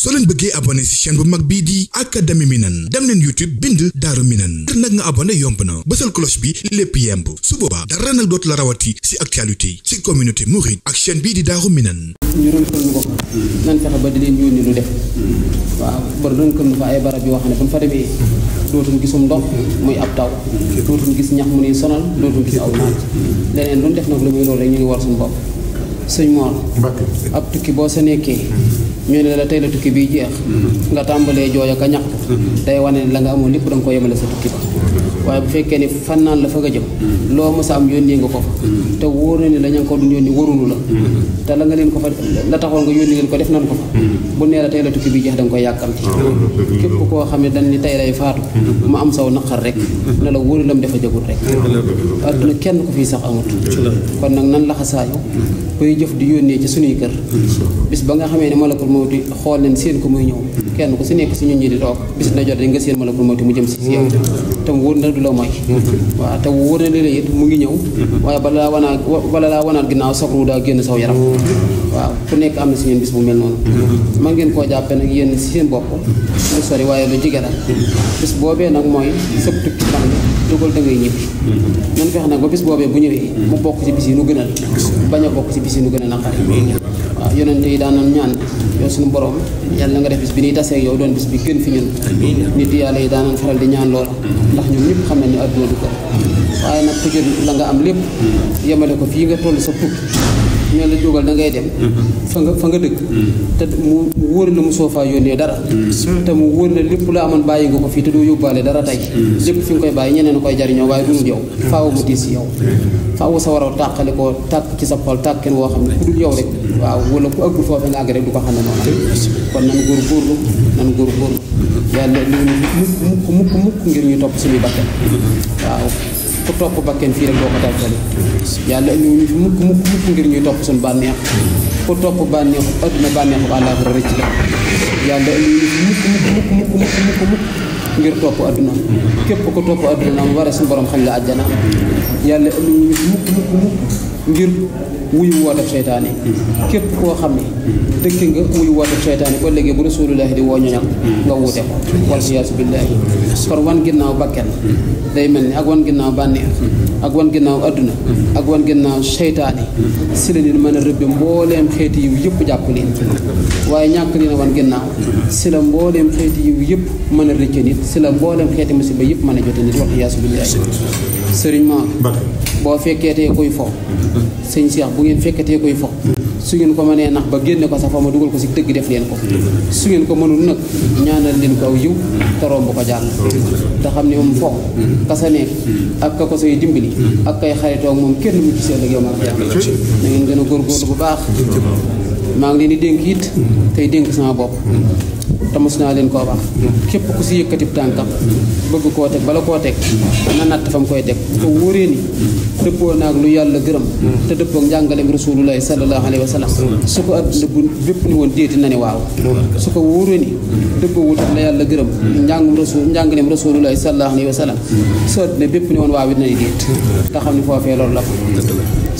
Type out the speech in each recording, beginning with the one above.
soo bëggee abonné ci chaîne bu mag bii di académie Minane dem leen YouTube bind Daaru Minane ngir nag nga abonné yomb na bësal cloche bi lépp yemb su boobaa dara nag dootu la rawati ci actualité ci communauté mouride ak chaîne bii di Daaru Minane ñu doon kër lu ko nan fexe ba di leen yónni lu def waaw bari doon ay barab yoo xam bu ñu fa demee dootuñ gisum ab taw dootuñ gis ñax mu ne sonal dootuñ gis aw naaj leneen lu def nag lu muy loolu rek ñu ngi war suñu bopp suñ moor ab tukki boo sa nekkee ñu ne la tey la tukki bii jeex mm-hmm. nga tàmbalee jooy ak a ñaxtu mm-hmm. day wane la nga amoon lépp danga nga ko yemale sa tukki ba waaye bu fekkee ne fannaan la fa nga jëm loo mos a am yónnee nga ko fa te wóor na ni la ña nga ko doon ni warulu la te la nga leen ko fa la taxoon nga yónni leen ko def nan ko fa bu nee la tey la bi jeex da nga koy yàkkamti képp koo xam ne dañ ni tey lay faatu ma am saw naqar rek ne la wóoru lam dafa jagul rek adduna kenn ko fii sax amut kon nag nan laxasaayu bay jëf di yónnee ci suñuy kër bis ba nga xamee ne malakul mawti xool leen seen ko muy ñëw kenn ku si nekk si ñun ñi di toog bis na jot nga seen malakul mawti mu jëm si yow wóor na du la te wóor na léeg-léeg mu ngi ñëw waaye bala laa wanaa bala laa wanaat ginnaaw sakru daa génn saw yaram waaw ku nekk am na si ñun bis bu mel noonu man ngeen koo jàppee nag yéen si seen bopp lu sori waaye lu jege la bis boobee nag mooy sëb tukki ndax dugal da ngay ñibbi nan fexe nag ba bis boobee bu ñëwee mu bokk si bis yi nu gënal bañ a bokk ci bis yi nu gën a naqari waaw yonente yi daan nañ ñaan yow suñu borom yàlla nga def bis bi ñuy taseeg yow doon bis bi gën fi ñun nit yàlla yi daan nañ faral di ñaan loola ndax ñun ñëpp xam nañ ne adduna du ko waaye nag tëjël la nga am lépp yemale ko fii nga toll sa tukki ne la jógal da ngay dem mm-hmm. fa nga fa nga dëkk mm-hmm. te mu wóor na mu soo faa yónnee dara mm-hmm. te mu wóor na lépp la amoon bàyyi nga ko fii te doo yóbbaale dara tey lépp fi nga koy bàyyi ñeneen koy jariñoo waaye dund yow faaw mu diis yow faaw sa war a tàqale ko tàkk ci sa xol tàkk kenn woo xam ne ku dul yow rek waaw wala ku ëggul foofu nga àgg du ko xam ne noonu kon nan góor góorlu nan góor góorlu yàlla li mukk mukk mukk ngir ñu topp suñuy bakkan waaw ku topp bakken fii rek boo ko tàggale yàlla indi ñu fi mukk mukk mukk ngir ñuy topp suñu bànneex ku topp bànneexu adduna bànneexu àllaaxira rëcc la yàlla indi ñu fi mukk mukk mukk mukk ngir topp adduna képp ko topp adduna am war a suñu borom xañ la àjjana yàlla indi ñu fi mukk mukk mukk ngir wuyu wooteeb seytaane képp koo xam ne dëkk nga wuyu wooteeb seytaane ba léegi bu rasulullahi di woo ñoñam nga wuute ko wal iyaasu billaahi kon wan ginnaaw bakken day mel ni ak wan ginnaaw bànneex ak wan ginnaaw adduna ak wan ginnaaw seytaane si la leen mën a rëbbi mbooleem xeeti yiw yëpp jàpp leen waaye ñàkk leen a wan ginnaaw si la mbooleem xeeti yiw yëpp mën a rëcc nit si la mbooleem xeeti musiba yëpp mën a jote nit wal iyaasu billaahi sëriñ Mor boo fekketee koy fo sëñ Cheikh bu ngeen fekketee koy fo su ngeen ko mënee nax ba génn ko sa fa ma dugal ko si dëgg def leen ko su ngeen ko mënul nag ñaanal leen ko aw yiw te romb ko jàll te xam ne moom fo kasa nekk ak ka ko say dimbili ak kay xaritoog moom kenn mu gisee ak yow ma na ngeen gën a góorgóorlu bu baax maa ngi leen di dénk it mm-hmm. tey dénk sama bopp mm-hmm. te naa leen koo wax mm-hmm. képp ku si yëkkatib tànkam bëgg koo teg bala koo teg na natt fa mu koy teg lu yàlla gërëm te dëppoo njàngaleem rasulullahi sallallahu alayhi wa sallam su ko adduna bu bépp ni ne waaw su ko wóoree ni dëppoo wut la yàlla gërëm njàngum rasul njàngaleem rasulullahi sallallahu alayhi wa sallam su adduna bépp ni woon waaw it na ne déet te xam ne foofee loolu la ko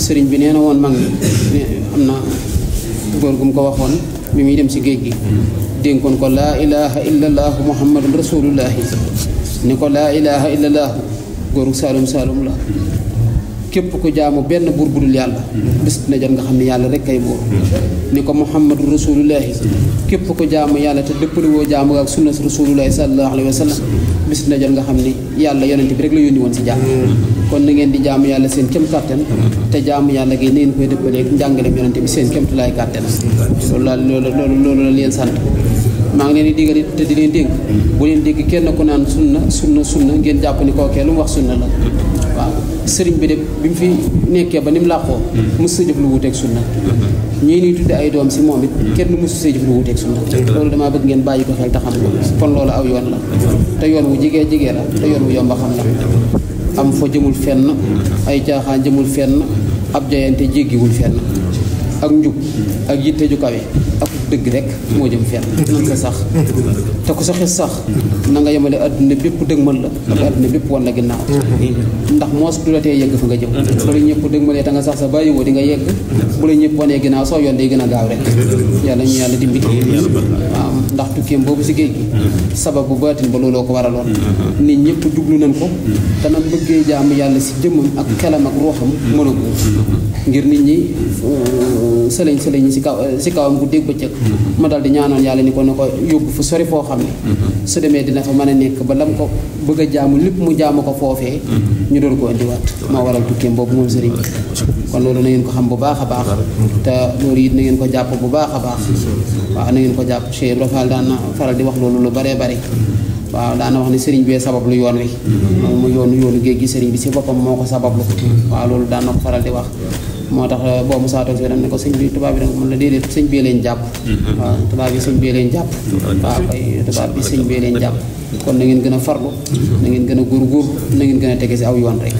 sëriñ bi nee woon mag am na bëggoon gu mu ko waxoon bi muy dem si géej gi dénkoon ko laa ilaha illallah muhammadun rasulullahi ni ko laa ilaha illallah góoru saalum saalum la képp ku jaamu benn buur bu dul yàlla bis dina jot nga xam ne yàlla rek kay buur ni ko muhammadu rasulullahi képp ku jaamu yàlla te dëppale woo jaamu ak sunna rasulullahi sallallahu alayhi sa sallam bis dina jot nga xam ne yàlla yonent bi rek la yónni woon si jàmm kon na ngeen di jaamu yàlla seen kem kàttan te jaamu yàlla gi na ngeen koy dëppaleeg njàngaleem yonante bi seen kem tulaay kàttan loolu laa loolu loolu loolu la leen sant maa ngi ne di digal te di leen dégg bu leen dégg kenn ku naan sunna sunna sunna ngeen jàpp ni kookee lu mu wax sunna la waaw sëriñ bi de bi mu fi nekkee ba ni mu làqoo mos sa jëf lu wuuteeg sunna ñii ñuy tudde ay doom si moom it kenn mosu see jëf lu wuuteeg sunna loolu damaa bëgg ngeen bàyyi ko xel te xam kon loolu aw yoon la te yoon wu jigee jigee te yoon wu yomb a xam am fa jëmul fenn ay caaxaan jëmul fenn ab jayante jéggiwul fenn ak njub ak yitte ju kawe ak dëgg rek moo jëm fenn nan sa sax te ku sa xis sax na nga yemale adduna bépp dëgmal la ak adduna bépp wan la ginnaaw ndax moo du la tee yegg fa nga jëm bu la ñëpp dëgmalee te nga sax sa bàyyiwoo di nga yegg bu la ñëpp wanee ginnaaw soo yoon day gën a gaaw rek yàlla ñu yàlla dimbali waaw ndax tukkeem boobu si géej gi sabab bu baatin ba looloo ko waraloon nit ñëpp jublu nañ ko te nam bëggee jaamu yàlla si jëmmam ak sëlañ sëlañ si kaw si kawam guddeeg bëccëg mm-hmm. ma dal di ñaanoon yàlla ni ko ne ko yóbbu fu sori foo xam ne mm-hmm. su demee dina fa mën a nekk ba lam ko bëgg a jaamu lépp mu jàmm ko foofee mm-hmm. ñu doon ko indiwaat moo waral tukkeem boobu moom sëriñ kon loolu na ngeen ko xam bu baax a baax te loolu it na ngeen ko jàpp bu baax a baax waaw na ngeen ko jàpp Cheikh Ibra Fall daan na faral di wax loolu lu baree bari waaw daana wax ne sëriñ bee sabab lu yoon wi mu yoonu yoonu géej gi sëriñ bi si boppam moo ko sabablu moo tax euh, boo Moussa toog si dem ne ko sëñ bi tubaab bi da nga la déedéet sëñ jàpp tubaab bi sëñ bee leen jàpp mm-hmm. waaw tubaab bi mm-hmm. sëñ bee leen jàpp kon na ngeen gën a farlu mm-hmm. na gën a góorgóorlu na ngeen gën a tege si aw yoon rek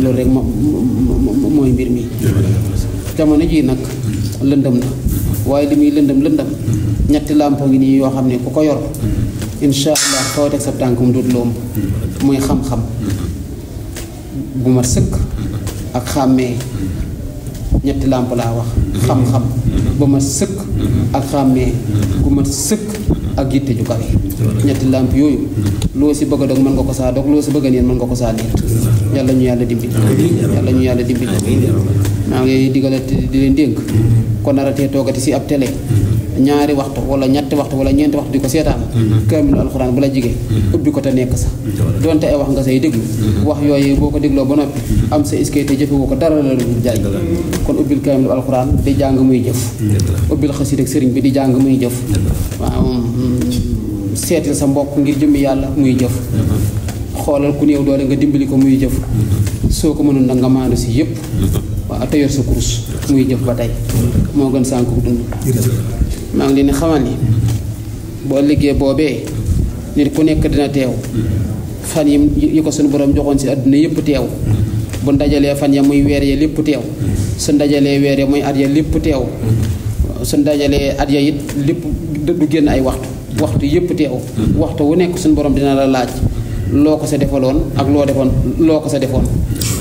loolu rek mooy mbir mi jamono jii nag lëndëm na waaye li muy lëndëm lëndëm ñetti làmpoo ngi nii yoo xam ne ku ko yor incha allah foo teg sa tànk mu dut loom muy xam-xam bu mat sëkk ak xàmmee ñetti làmp laa wax xam-xam ba ma sëkk ak xàmmee gu ma sëkk ak yitte ju kawe ñetti làmp yooyu loo si bëgg a dog mën nga ko saa dog loo si bëgg a neen mën nga ko saa neen yàlla ñu yàlla dimbali yàlla ñu yàlla dimbali maa ngi digalati di leen dénk ko naratee toogati si ab télé ñaari waxtu wala ñetti waxtu wala ñeenti waxtu di ko seetaan mm-hmm. kaamilu alxuraan bu la jigee mm-hmm. ubbi ko te nekk sa mm-hmm. donte ay wax nga say déglu wax yooyu boo ko dégloo ba noppi am sa iskay te jëfewoo ko dara la dul jariñ kon ubbil kaamilu alxuraan di jàng muy jëf ubbil xasid ak bi di jàng muy jëf waaw seetil sa mbokk ngir jëmmi yàlla muy jëf xoolal ku néew doole nga dimbali ko muy jëf soo ko mënul nag nga maandu si yëpp waaw te yor sa kurus muy jëf ba tey moo gën sànk dund maa ngi leen di xamal ni boo liggéey boobee nit ku nekk dina teew fan yi yi ko suñu borom joxoon si àdduna yëpp teew bu dajalee fan ya muy weer ya lépp teew su dajalee weer ya muy at ya lépp teew suñ dajalee at it lépp du génn ay waxtu waxtu yëpp teew waxtu wu nekk suñ borom dina la laaj loo ko sa defaloon ak loo defoon loo ko sa defoon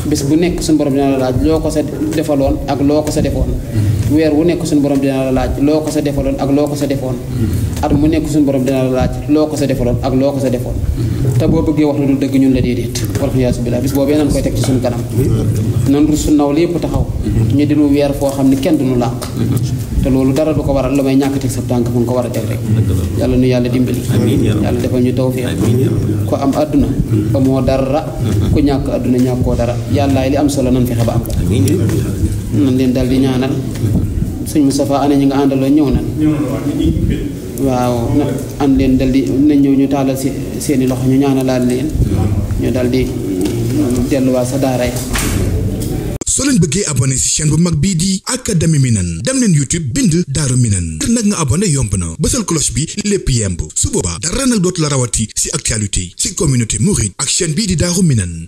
bis bu nekk suñu borom dina la laaj loo ko sa defaloon ak loo ko sa defoon mm-hmm. weer wu nekk suñu borom dina la laaj loo ko sa defaloon ak loo ko sa defoon mm-hmm. at mu nekk suñu borom dina la laaj loo ko sa defaloon ak loo ko sa defoon mm-hmm. te boo bëggee wax lu dul dëgg ñun la déedéet wala yaasu bilaa bis boobee nan koy teg ci suñu kanam nan rus su naw lépp taxaw ñu dinu weer foo xam ne kenn du nu làq te loolu dara du ko waral lu may ñàkk teg sa tànk fu nga ko war a teg rek yàlla nu yàlla dimbali yàlla defal ñu tawfiq ko am àdduna amoo dara ku ñàkk àdduna ñàkkoo dara yàllaay li am solo nan fexe ba am nan leen dal di ñaanal sëñ Moustapha ana ñi nga àndaloo ñëw nan waaw na am leen dal di nañ ñëw ñu taalal seeni loxo ñu ñaanalaat leen ñu dal di delluwaat sa daara yi soo leen bëggee abonné ci chaîne bu mag bii di académie Minane dem leen YouTube bind Daaru Minane ngir nag nga abonné yomb na bësal cloche bi lépp yemb su boobaa dara nag dootu la rawati ci actualité ci communauté mouride ak chaîne bii di Daaru Minane